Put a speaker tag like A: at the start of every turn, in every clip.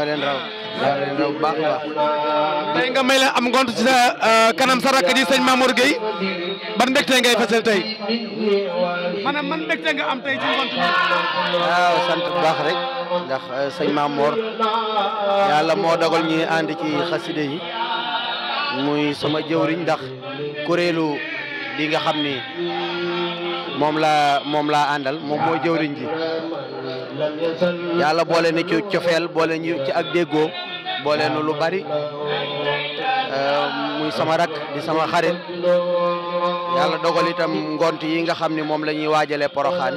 A: ñoo baax a baax. tey nga may la am ngont ci sa euh, kanam sa rakk ji sëñ Mamour Gueye ban mbégte nga am tey ci ngont bi. waaw sant bu baax rek ndax euh, sëñ Mamour yàlla moo dogal ñuy ànd ci xaside yi muy sama jëwriñ ndax kuréelu. li nga xam ni moom la moom laa àndal moom mooy jëwriñ ji yàlla boole ni ci cofeel boole ñu ci ak déggoo boole nu lu bari eh, muy sama rak di sama xarit yàlla dogal itam ngont yi nga xam ni moom la ñuy waajalee poroxaan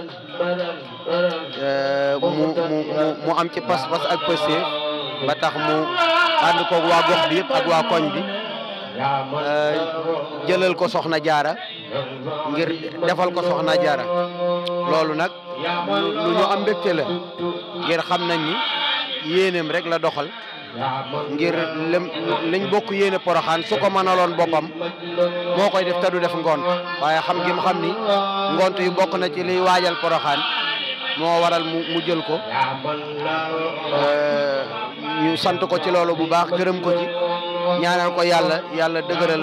A: eh, mu am ci pas-pas ak pësté ba tax mu ànd koog waa gox bi ak waa koñ bi eh, jëlal ko soxna jaara ngir defal ko soxna jaara loolu nag lu ñu am mbégte la ngir xam nañ ni yéeneem rek la doxal ngir lim bokk yéene poroxaan su ko mënaloon boppam moo koy def te du def ngont waaye xam gi xam ni ngont yu bokk na ci liy waajal poroxaan moo waral mu mu jël ko ñu sant ko ci loolu bu baax gërëm ko ci ñaanal ko yàlla yàlla dëgëral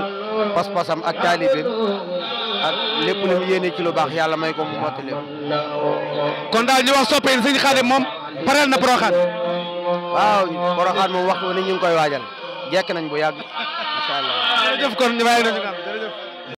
A: pas-pasam ak taalibeem ak lépp lu mu yéene ci lu baax yàlla may ko mu mottali kon daal ñu wax soppe yi sëñ Xaadim moom pareel na Porokhane waaw Porokhane moom wax ni ñu ngi koy waajal jekk nañ bu yàgg incha allah jërëjëf kon ñu bàyyi nañu jërëjëf